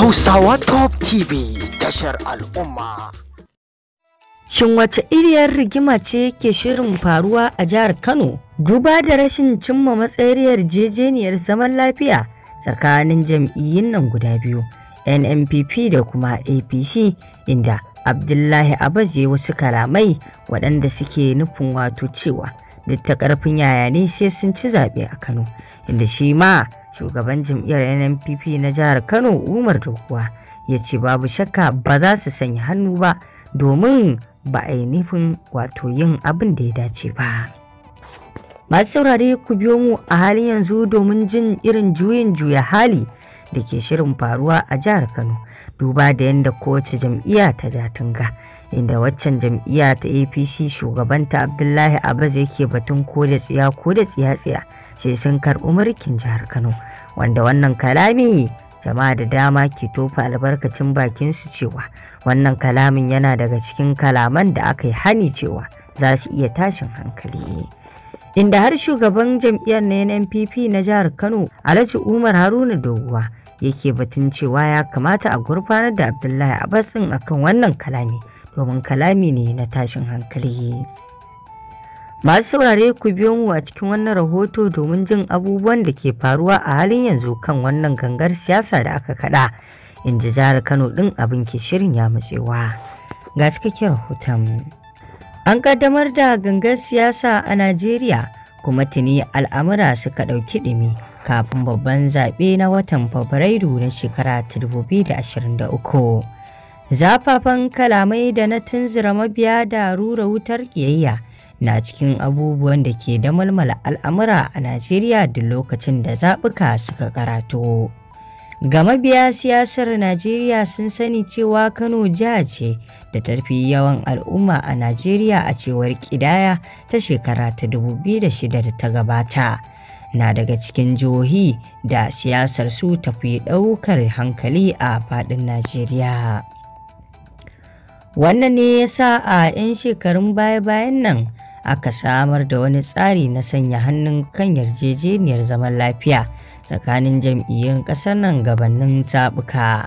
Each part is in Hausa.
Hausawa Top TV tashar al'umma. Shin wace iriyar rigima ce ke shirin faruwa a jihar Kano? Duba da rashin cimma matsayar yarjejeniyar zaman lafiya tsakanin jam'iyyun nan guda biyu, NNPP da kuma APC inda Abdullahi Abbas ya wasu kalamai waɗanda suke nufin wato cewa duk ta ƙarfin yaya ne sai sun ci zaɓe a Kano, inda shi ma shugaban jam'iyyar nnpp na jihar kano umar dokuwa ya ce babu shakka ba za su sanya hannu ba domin ba a yi nufin wato yin abin da ya dace ba masu saurare ku biyo mu a halin yanzu domin jin irin juyin juya hali da ke shirin faruwa a jihar kano duba da yadda kowace jam'iyya ta datunga inda waccan jam'iyya ta apc shugabanta abdullahi abbas yake batun ko da tsiya ko da tsiya tsiya ce sun karɓi mulkin jihar Kano wanda wannan kalami jama'a da dama ke tofa albarkacin bakin su cewa wannan kalamin yana daga cikin kalaman da aka yi hani cewa za su iya tashin hankali inda har shugaban jam'iyyar na NPP na jihar Kano Alhaji Umar Haruna Doguwa yake batun cewa ya kamata a gurfanar da Abdullahi Abbas akan wannan kalami domin kalami ne na tashin hankali Masu saurare ku biyo mu a cikin wannan rahoto domin jin abubuwan da ke faruwa a halin yanzu kan wannan gangar siyasa da aka kada in ji jihar Kano din abin ke shirin ya matsewa. Ga cikakken rahoton. An kaddamar da gangar siyasa a Najeriya kuma tuni al'amura suka ɗauki ɗumi kafin babban zaɓe na watan Fabrairu na shekara ta 2023. Zafafan kalamai da na tunzura mabiya da rura wutar ƙiyayya. na cikin abubuwan da ke da malmala al'amura a Najeriya da lokacin da zaɓuka suka karatu. Ga mabiya siyasar Najeriya sun sani cewa Kano jiha ce da tarfi yawan al'umma a Najeriya a cewar ƙidaya ta shekara ta 2006 da ta gabata. Na daga cikin jihohi da siyasar su tafi ɗaukar hankali a faɗin Najeriya. Wannan ne ya sa a 'yan shekarun baya-bayan nan aka samar da wani tsari na sanya hannun kan yarjejeniyar zaman lafiya tsakanin jam'iyyun ƙasar nan gabanin zaɓuka.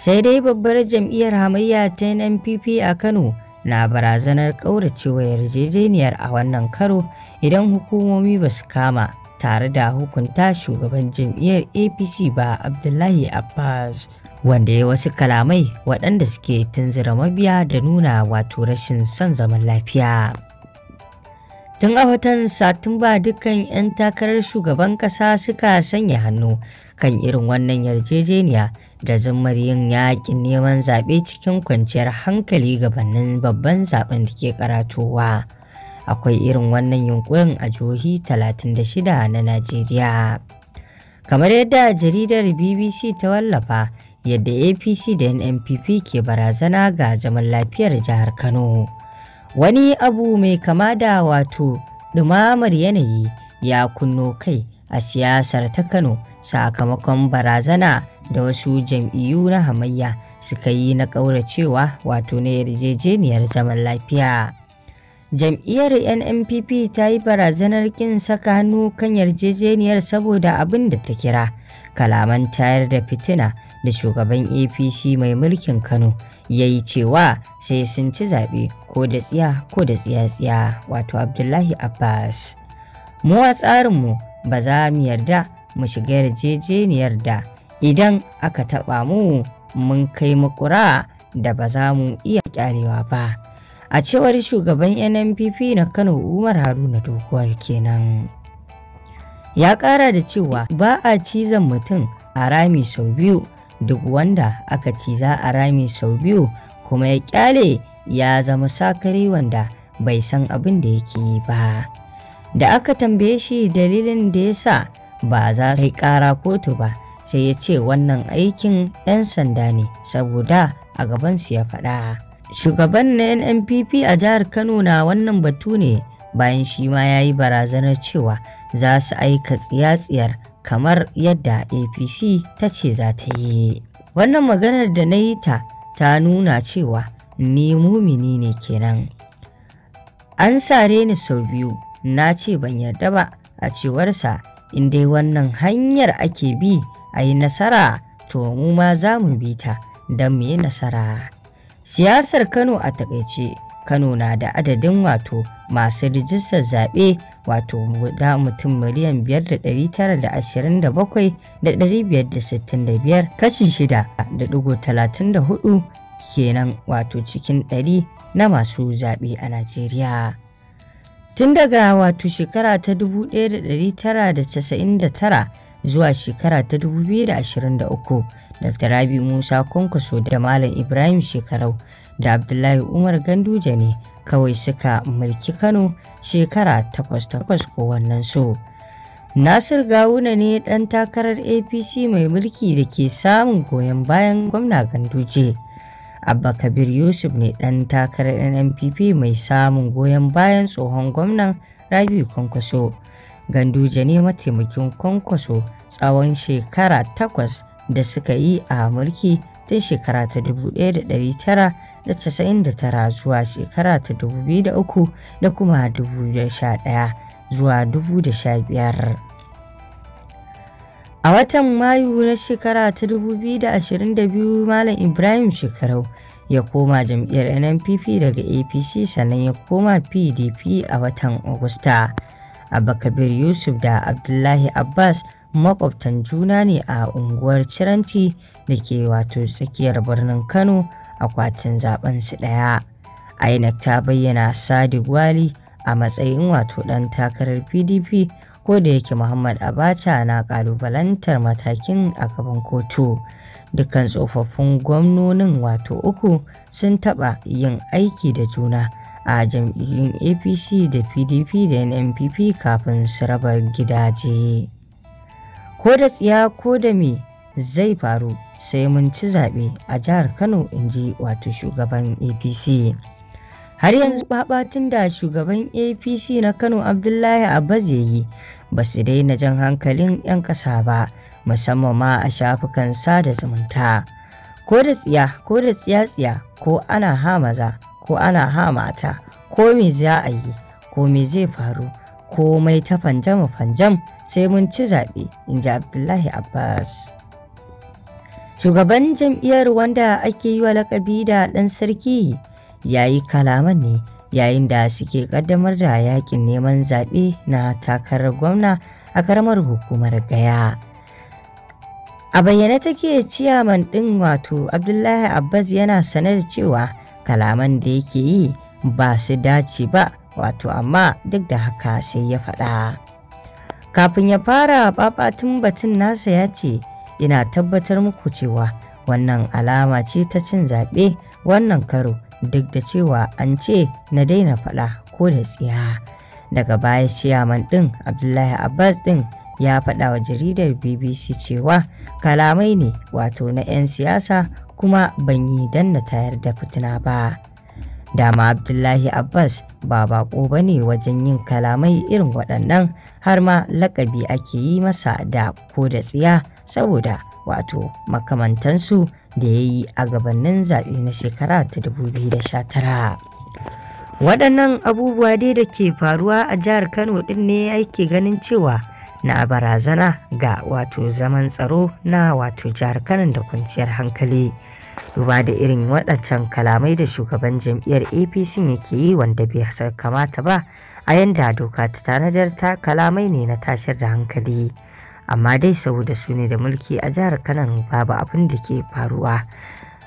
Sai dai babbar jam'iyyar hamayya ta NPP a Kano na barazanar ƙauracewa yarjejeniyar a wannan karo idan hukumomi ba su kama tare da hukunta shugaban jam'iyyar APC ba Abdullahi Abbas. wanda ya wasu kalamai waɗanda suke tunzura mabiya da nuna wato rashin son zaman lafiya. Tun a watan Satumba dukkan 'yan takarar shugaban ƙasa suka sanya hannu kan irin wannan yarjejeniya da zimmar yin yaƙin neman zaɓe cikin kwanciyar hankali gabanin babban zaɓen da ke karatowa. Akwai irin wannan yunƙurin a jihohi 36 na Najeriya. Kamar yadda jaridar BBC ta wallafa yadda APC da NNPP ke barazana ga zaman lafiyar jihar Kano. wani abu mai kama da wato ɗumamar yanayi ya kunno kai a siyasar ta kano sakamakon barazana da wasu jam'iyyu na hamayya suka yi na ƙauracewa wato na yarjejeniyar zaman lafiya jam'iyyar NNPP ta yi barazanar kin saka hannu kan yarjejeniyar saboda abin da ta kira kalaman tayar da fitina da shugaban APC mai mulkin Kano ya yi cewa sai sun ci zaɓe ko da tsiya ko da tsiya-tsiya wato Abdullahi Abbas. Mu a tsarinmu ba za mu yarda mu shiga yarjejeniyar da idan aka taɓa mu mun kai makura da ba za mu iya ƙyarewa ba. a cewar shugaban nnpp na kano umar haruna dokuwa kenan ya kara da cewa ba a cizon mutum a rami sau biyu duk wanda aka ciza a rami sau biyu kuma ya kyale ya zama sakari wanda bai san abin da yake yi ba da aka tambaye shi dalilin da ya sa ba za su yi kara kotu ba sai ya ce wannan aikin 'yan sanda ne saboda a gabansu ya faɗa Shugaban na NNPP a jihar Kano na wannan batu ne bayan shi ma ya yi barazanar cewa za su aika tsiyatsiyar kamar yadda APC ta ce za ta yi. Wannan maganar da na yi ta ta nuna cewa ni mumini ne kenan. An sare ni sau biyu na ce ban yarda ba a cewarsa in wannan hanyar ake bi a yi nasara to mu ma za mu bi ta don mu yi nasara. Siyasar Kano a takaice Kano na da adadin wato masu rijistar zaɓe wato guda mutum miliyan 5,927,565 kashi 6.34 kenan wato cikin ɗari na masu zaɓe a Najeriya. Tun daga wato shekara ta 1999 zuwa shekara ta 2023 dr rabi musa kwankwaso da malam ibrahim shekarau da abdullahi umar ganduje ne kawai suka mulki kano shekara takwas takwas wannan su nasir gawuna ne ɗan takarar apc mai mulki da ke samun goyon bayan gwamna ganduje abba kabir yusuf ne ɗan takarar nnpp mai samun goyon bayan tsohon gwamnan rabi kwankwaso Ganduje ne mataimakin Kwankwaso tsawon shekara takwas da suka yi a mulki tun shekara ta 1999 zuwa shekara ta 2003 da kuma 2011 zuwa 2015. A watan Mayu na shekara ta 2022 Malam Ibrahim Shekarau ya koma jam'iyyar NNPP daga APC sannan ya koma PDP a watan Agusta. Abakabir Yusuf da Abdullahi Abbas makwabtan juna ne a unguwar Ciranti da ke wato tsakiyar birnin Kano akwatin zaben su ɗaya. INEC ta bayyana Sadi Gwali a matsayin wato ɗan takarar PDP ko da yake Muhammad Abacha na ƙalubalantar matakin a gaban kotu. Dukkan tsofaffin gwamnonin wato uku sun taɓa yin aiki da juna. a jam'iyyun apc da pdp da npp kafin su raba gidaje ko da tsiya ko da me zai faru sai mun ci zaɓe a jihar kano in ji wato shugaban apc har yanzu babatun da shugaban apc na kano abdullahi abbas ya yi ba su daina jan hankalin 'yan ƙasa ba musamman ma a shafukan sada zumunta ko da tsiya ko da tsiya-tsiya ko ana hamaza ko ana hamata ko me za a yi ko me zai faru ko mai ta fanjama fanjam sai mun ci zaɓe in ji abdullahi abbas shugaban jam'iyyar wanda ake yi wa lakabi da ɗan sarki ya yi kalaman ne yayin da suke ƙaddamar da yakin neman zaɓe na takarar gwamna a karamar hukumar gaya a bayyane take ciyaman ɗin wato abdullahi abbas yana sane da cewa kalaman da yake yi ba su dace ba wato amma duk da haka sai ya faɗa kafin ya fara babatun batun nasa ya ce ina tabbatar muku cewa wannan alama ce ta cin zaɓe wannan karo duk da cewa an ce na daina faɗa ko da tsiya daga baya ciyaman ɗin abdullahi abbas ɗin ya faɗa wa jaridar bbc cewa kalamai ne wato na 'yan siyasa kuma ban yi don na tayar da fitina ba dama abdullahi abbas ba bako ba ne wajen yin kalamai irin waɗannan har ma lakabi ake yi masa da ko da tsiya saboda wato makamantansu da ya yi a gabanin zaɓe na shekara ta 2019 waɗannan abubuwa dai da ke faruwa a jihar kano ɗin ne ake ganin cewa na barazana ga wato zaman tsaro na wato jihar Kano da kwanciyar hankali. Duba da irin waɗancan kalamai da shugaban jam'iyyar APC yake yi wanda bai kamata ba a yanda doka ta tanadar ta kalamai ne na tashar da hankali. Amma dai saboda su ne da mulki a jihar Kano babu abin da ke faruwa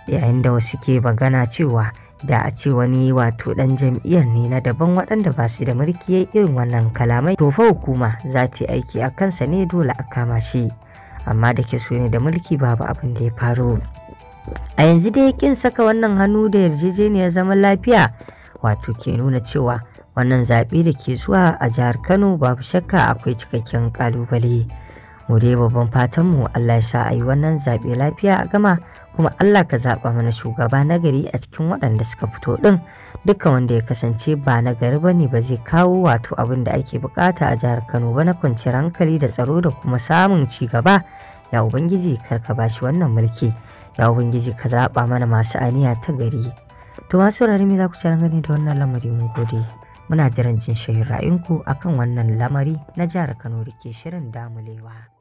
yayin da wasu ke magana cewa da a ce wani wato dan jam'iyyar ne na daban waɗanda ba su da mulki yayi irin wannan kalamai to fa hukuma za ta yi aiki a kansa ne dole a kama shi amma da ke so ne da mulki babu abin da ya faru a yanzu dai kin saka wannan hannu da yarjejeniyar zaman lafiya wato ke nuna cewa wannan zaɓe da ke zuwa a jihar kano babu shakka akwai cikakken ƙalubale. mu dai babban fatanmu Allah ya sa a yi wannan zaɓe lafiya a gama kuma Allah ka zaɓa mana shugaba na gari a cikin waɗanda suka fito ɗin Duka wanda ya kasance ba na gari ba ne ba zai kawo wato abin da ake bukata a jihar Kano ba na kwanciyar hankali da tsaro da kuma samun ci gaba ya ubangiji kar ka bashi wannan mulki ya ubangiji ka zaɓa mana masu aniya ta gari to masu me za ku ci gani da wannan lamari mun gode muna jiran jin shahin ra'ayinku akan wannan lamari na jihar Kano da ke shirin damulewa.